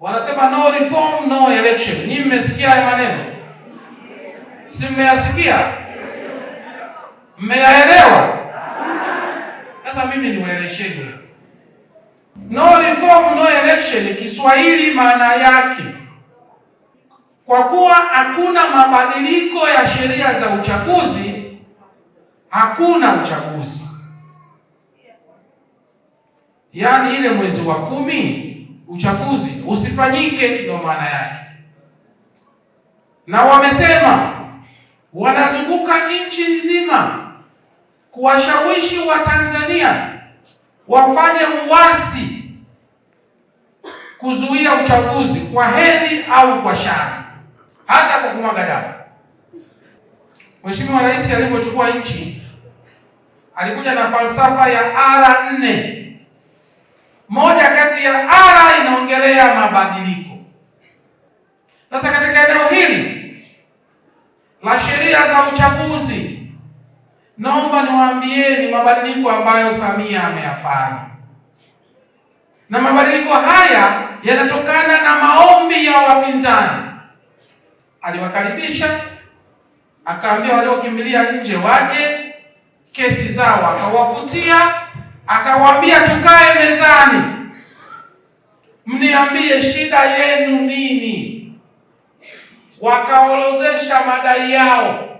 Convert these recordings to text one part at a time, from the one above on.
Wanasema no reform no election. Ni mmesikia haya maneno? Si mmeyasikia? Mmeyaelewa? Sasa mimi niwaelesheni. No reform no election, Kiswahili maana yake kwa kuwa hakuna mabadiliko ya sheria za uchaguzi, hakuna uchaguzi, yaani ile mwezi wa kumi uchaguzi usifanyike, ndio maana yake. Na wamesema wanazunguka nchi nzima kuwashawishi Watanzania wafanye uasi kuzuia uchaguzi kwa heri au kwa shari, hata kwa kumwaga damu. Mheshimiwa Rais alipochukua nchi alikuja na falsafa ya R nne moja kati ya ara inaongelea mabadiliko. Sasa katika eneo hili la sheria za uchaguzi, naomba niwaambieni mabadiliko ambayo Samia ameyafanya, na mabadiliko haya yanatokana na maombi ya wapinzani. Aliwakaribisha, akaambia waliokimbilia nje waje, kesi zao akawafutia akawaambia, tukae mezani, mniambie shida yenu nini. Wakaorozesha madai yao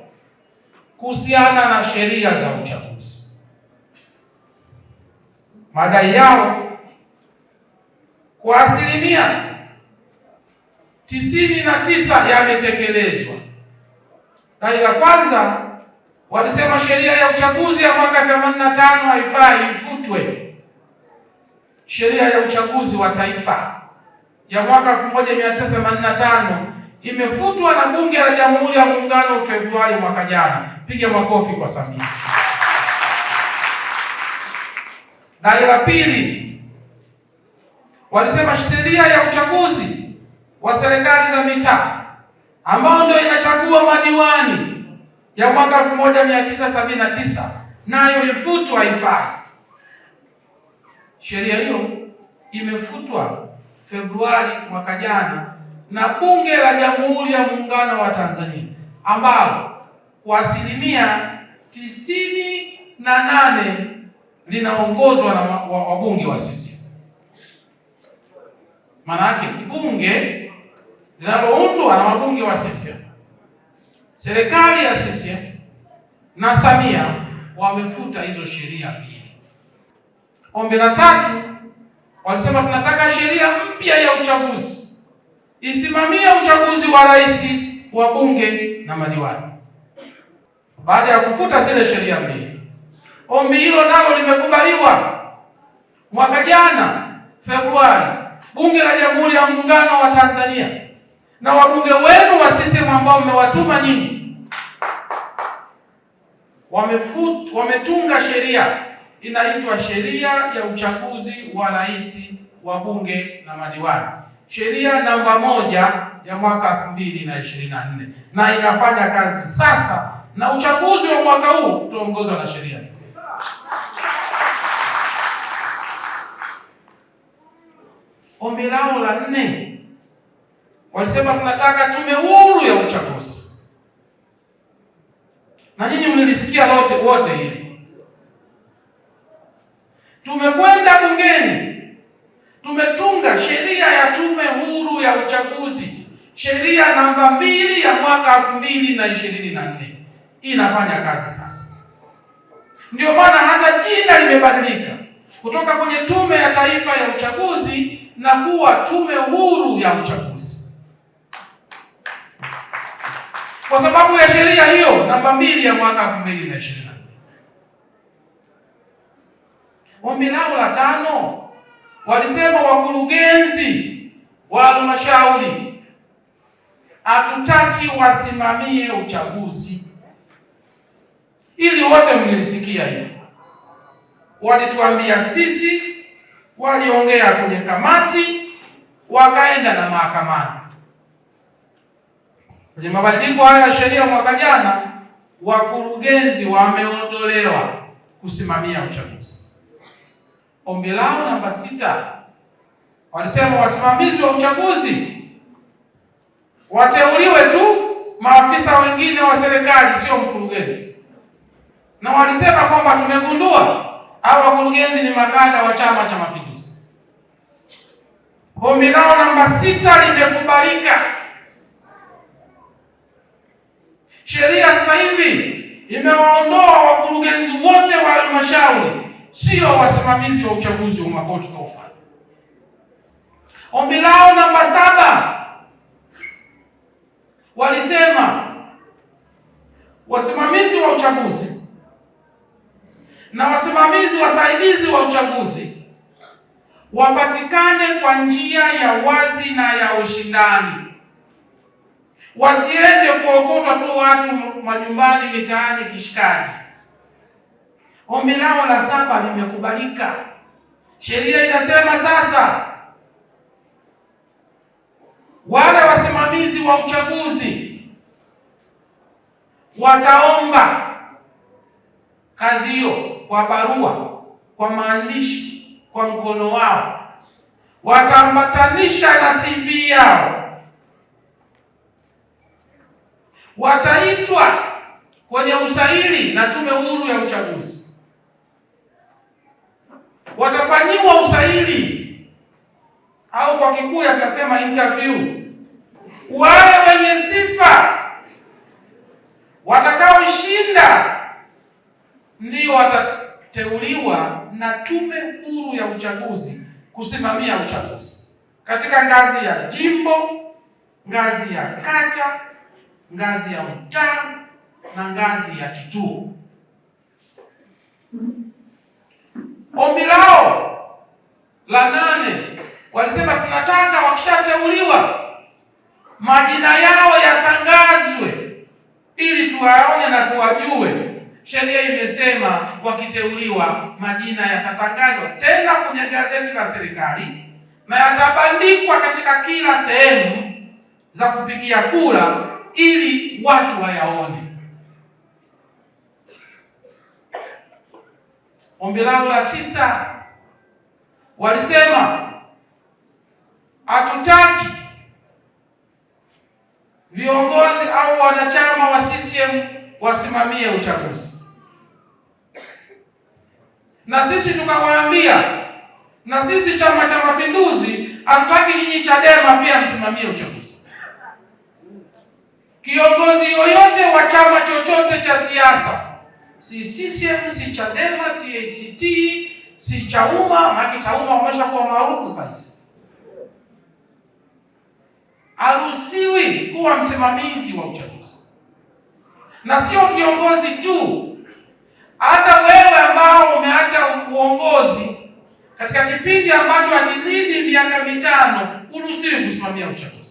kuhusiana na sheria za uchaguzi. Madai yao kwa asilimia tisini na tisa yametekelezwa. Dai la kwanza walisema sheria ya uchaguzi ya mwaka 85 haifai, ifutwe. Sheria ya uchaguzi wa taifa ya mwaka 1985 imefutwa na bunge la Jamhuri ya Muungano Februari mwaka jana. Piga makofi kwa Samia. Dai la pili, walisema sheria ya uchaguzi wa serikali za mitaa ambayo ndio inachagua madiwani ya mwaka 1979 nayo ilifutwa, haifai. Sheria hiyo imefutwa Februari mwaka jana na Bunge la Jamhuri ya Muungano wa Tanzania, ambao kwa asilimia tisini na nane linaongozwa na wabunge wa sisi. Maana yake bunge linaloundwa na wabunge wa sisi serikali ya sisi na Samia wamefuta hizo sheria mbili. Ombi la tatu walisema tunataka sheria mpya ya uchaguzi isimamie uchaguzi wa rais, wa bunge na madiwani. Baada ya kufuta zile sheria mbili, ombi hilo nalo limekubaliwa mwaka jana Februari, bunge la Jamhuri ya Muungano wa Tanzania na wabunge wenu wa CCM ambao mmewatuma nyinyi, wametunga sheria inaitwa sheria ya uchaguzi wa rais, bunge na madiwani, sheria namba moja ya mwaka 2024 na inafanya kazi sasa, na uchaguzi wa mwaka huu utaongozwa na sheria ombi lao la nne Walisema tunataka tume huru ya uchaguzi, na nyinyi mlilisikia lote wote hili. Tumekwenda bungeni, tumetunga sheria ya tume huru ya uchaguzi, sheria namba mbili ya mwaka elfu mbili na ishirini na nne inafanya kazi sasa. Ndio maana hata jina limebadilika kutoka kwenye tume ya taifa ya uchaguzi na kuwa tume huru ya uchaguzi. kwa sababu ya sheria hiyo namba mbili ya mwaka elfu mbili na ishirini na nne. Ombi lao la tano walisema wakurugenzi wa halmashauri hatutaki wasimamie uchaguzi. Ili wote mlisikia hiyo, walituambia sisi, waliongea kwenye kamati, wakaenda na mahakamani Kwenye mabadiliko haya ya sheria mwaka jana, wakurugenzi wameondolewa kusimamia uchaguzi. Ombi lao namba sita, walisema wasimamizi wa uchaguzi wateuliwe tu maafisa wengine wa serikali, sio mkurugenzi, na walisema kwamba tumegundua au wakurugenzi ni makada wa Chama cha Mapinduzi. Ombi lao namba sita limekubalika. Sheria sasa hivi imewaondoa wakurugenzi wote wa halmashauri, sio wasimamizi wa uchaguzi wa makoti ofa. Ombi lao namba saba walisema wasimamizi wa uchaguzi na wasimamizi wasaidizi wa uchaguzi wapatikane kwa njia ya wazi na ya ushindani wasiende kuokota tu watu majumbani, mitaani, kishkani. Ombi lao la saba limekubalika. Sheria inasema sasa wale wasimamizi wa uchaguzi wataomba kazi hiyo kwa barua, kwa maandishi, kwa mkono wao, wataambatanisha na CV yao wataitwa kwenye usaili na Tume Huru ya Uchaguzi, watafanyiwa usaili au kwa kikuu akasema interview. Wale wenye sifa watakaoshinda ndio watateuliwa na Tume Huru ya Uchaguzi kusimamia uchaguzi katika ngazi ya jimbo, ngazi ya kata ngazi ya mtaa na ngazi ya kituo. Ombi lao la nane walisema tunataka wakishateuliwa majina yao yatangazwe ili tuwaone na tuwajue. Sheria imesema wakiteuliwa majina yatatangazwa tena kwenye gazeti la serikali na yatabandikwa katika kila sehemu za kupigia kura ili watu wayaone. Ombi langu la tisa, walisema hatutaki viongozi au wanachama wa CCM wasimamie uchaguzi, na sisi tukawaambia, na sisi Chama cha Mapinduzi hatutaki nyinyi Chadema pia msimamie uchaguzi. Kiongozi yoyote wa chama chochote cha siasa, si CCM, si Chadema, si ACT, si Chauma, maana Chauma wameshakuwa maarufu sasa haruhusiwi kuwa msimamizi wa uchaguzi, na sio kiongozi tu. Hata wewe ambao umeacha uongozi katika kipindi ambacho hakizidi miaka mitano, uruhusiwi kusimamia uchaguzi.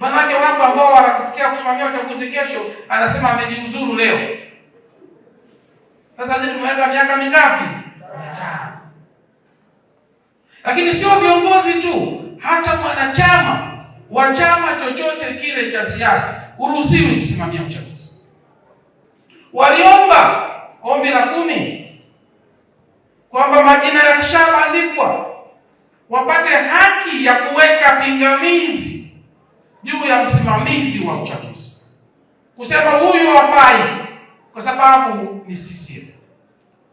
Manake wapo ambao wanasikia kusimamia uchaguzi kesho, anasema amejiuzuru leo. Sasa hizi tumeenda miaka mingapi? Lakini sio viongozi tu, hata mwanachama wa chama chochote kile cha siasa uruhusiwi kusimamia uchaguzi. Waliomba ombi la kumi kwamba majina yakishabandikwa wapate haki ya kuweka pingamizi juu ya msimamizi wa uchaguzi, kusema huyu hafai kwa sababu ni sisi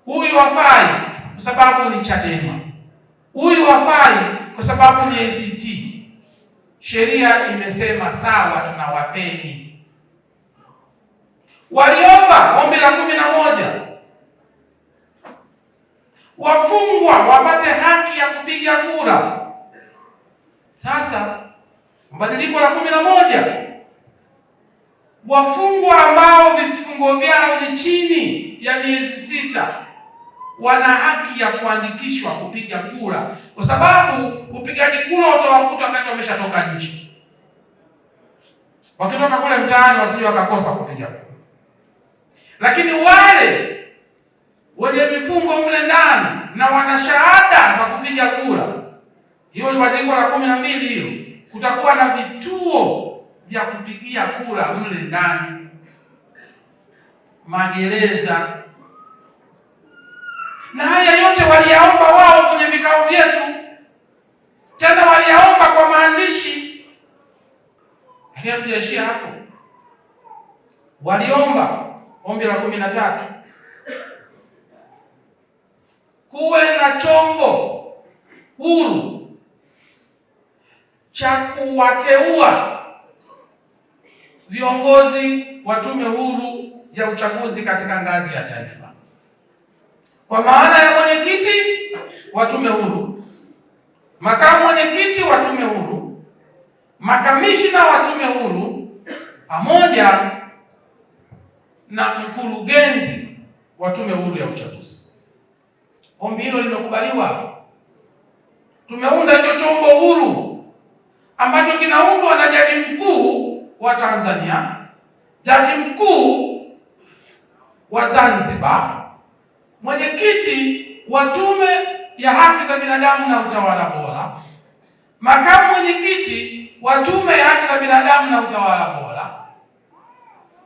huyu hafai kwa sababu ni Chadema, huyu hafai kwa sababu ni ACT. Sheria imesema sawa, tunawapeni. Waliomba ombi la kumi na moja wafungwa wapate haki ya kupiga kura. Sasa Badiliko la kumi na moja, wafungwa ambao vifungo vyao ni chini ya miezi sita wana haki ya kuandikishwa kupiga kura, kwa sababu upigaji kura utawakuta wakati wameshatoka nje. Wakitoka kule mtaani, wasije wakakosa kupiga kura. Lakini wale wenye vifungo mle ndani na wana shahada za kupiga kura, hiyo ni badiliko la kumi na mbili hilo Kutakuwa na vituo vya kupigia kura mle ndani, magereza, na haya yote waliyaomba wao kwenye vikao vyetu, tena waliyaomba kwa maandishi, lakini hatujaishia hapo. Waliomba ombi la kumi na tatu kuwe na chombo huru cha kuwateua viongozi wa tume huru ya uchaguzi katika ngazi ya taifa kwa maana ya mwenyekiti wa tume huru, makamu mwenyekiti wa tume huru, makamishna wa tume huru, pamoja na mkurugenzi wa tume huru ya uchaguzi. Ombi hilo limekubaliwa. Tumeunda hicho chombo huru ambacho kinaundwa na jaji mkuu wa Tanzania, jaji mkuu wa Zanzibar, mwenyekiti wa tume ya haki za binadamu na utawala bora, makamu mwenyekiti wa tume ya haki za binadamu na utawala bora,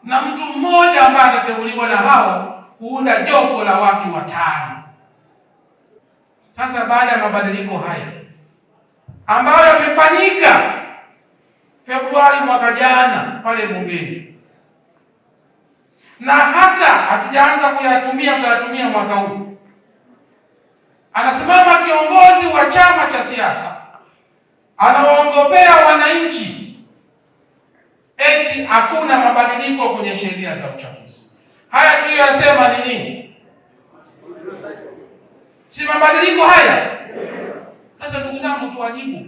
na mtu mmoja ambaye atateuliwa na hao kuunda jopo la watu watano. Sasa baada ya mabadiliko haya ambayo yamefanyika Februari mwaka jana pale bungeni, na hata hatujaanza kuyatumia, tutayatumia mwaka huu. Anasimama kiongozi wa chama cha siasa anawaongopea wananchi eti hakuna mabadiliko kwenye sheria za uchaguzi. Haya tuliyoyasema ni nini? Si mabadiliko haya sasa ndugu zangu, tuwajibu.